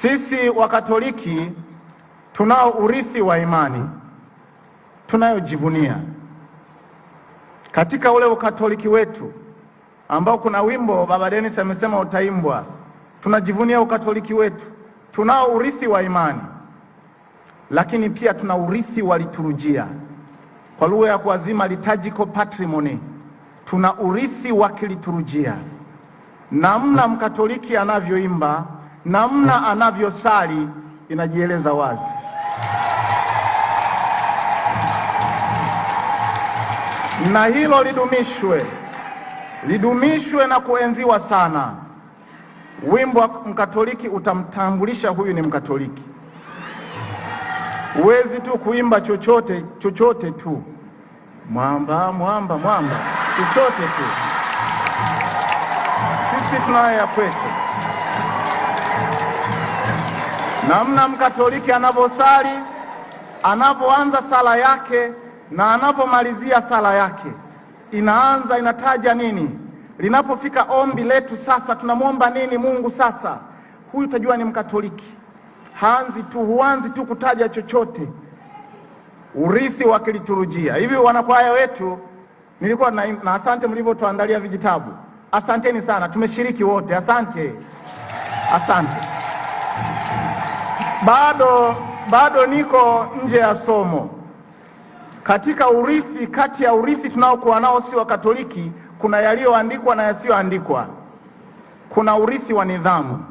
Sisi Wakatoliki tunao urithi wa imani tunayojivunia katika ule ukatoliki wetu ambao kuna wimbo Baba Denis amesema utaimbwa. Tunajivunia ukatoliki wetu, tunao urithi wa imani, lakini pia tuna urithi wa liturujia, kwa lugha ya kuazima liturgical patrimony. Tuna urithi wa kiliturujia, namna mkatoliki anavyoimba namna anavyosali inajieleza wazi. Na hilo lidumishwe, lidumishwe na kuenziwa sana. Wimbo wa Mkatoliki utamtambulisha huyu ni Mkatoliki. Huwezi tu kuimba chochote chochote tu, mwamba mwamba mwamba, chochote tu. Sisi tunayo ya kwetu namna Mkatoliki anavyosali, anavyoanza sala yake na anavyomalizia sala yake. Inaanza inataja nini? Linapofika ombi letu sasa, tunamwomba nini Mungu? Sasa huyu utajua ni Mkatoliki. Haanzi tu, huanzi tu kutaja chochote. Urithi wa kiliturujia hivi, wanakwaya wetu nilikuwa na, na asante mlivyotuandalia vijitabu. Asanteni sana, tumeshiriki wote, asante. Asante. Bado, bado niko nje ya somo. Katika urithi, kati ya urithi tunaokuwa nao si wa Katoliki, kuna yaliyoandikwa na yasiyoandikwa. Kuna urithi wa nidhamu.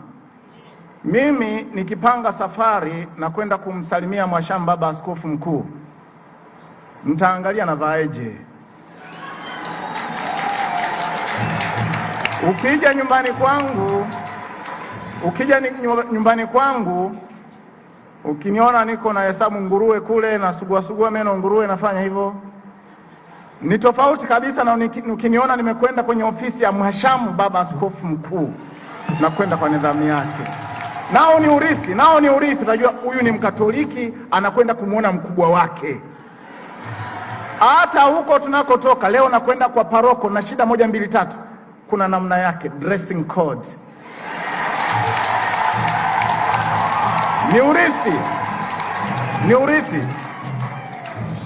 Mimi nikipanga safari na kwenda kumsalimia Mwashamba Baba Askofu Mkuu, mtaangalia navaaje. Ukija nyumbani kwangu Ukija nyumbani kwangu ukiniona niko na hesabu nguruwe kule na sugua sugua meno nguruwe, nafanya hivyo, ni tofauti kabisa na ukiniona nimekwenda kwenye ofisi ya mhashamu baba askofu mkuu na kwenda kwa nidhamu yake. Nao ni urithi, nao ni urithi. Unajua huyu ni Mkatoliki anakwenda kumwona mkubwa wake. Hata huko tunakotoka leo, nakwenda kwa paroko na shida moja mbili tatu, kuna namna yake dressing code. ni urithi, ni urithi.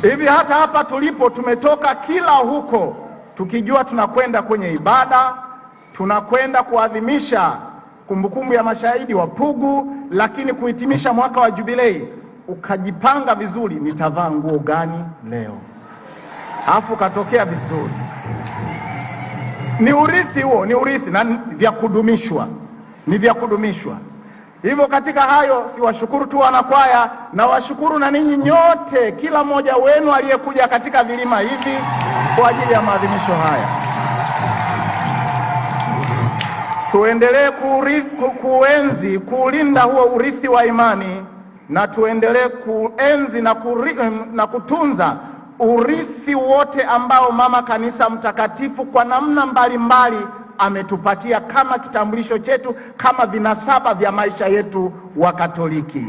Hivi hata hapa tulipo tumetoka kila huko, tukijua tunakwenda kwenye ibada, tunakwenda kuadhimisha kumbukumbu ya mashahidi wa Pugu, lakini kuhitimisha mwaka wa jubilei, ukajipanga vizuri, nitavaa nguo gani leo, alafu ukatokea vizuri. Ni urithi huo, ni urithi na vya kudumishwa, ni vya kudumishwa. Hivyo katika hayo siwashukuru tu wanakwaya, na washukuru na ninyi nyote, kila mmoja wenu aliyekuja katika vilima hivi kwa ajili ya maadhimisho haya. Tuendelee kuenzi, kuulinda huo urithi wa imani, na tuendelee kuenzi na, kuri, na kutunza urithi wote ambao mama kanisa mtakatifu kwa namna mbalimbali mbali, ametupatia kama kitambulisho chetu, kama vinasaba vya maisha yetu wa Katoliki.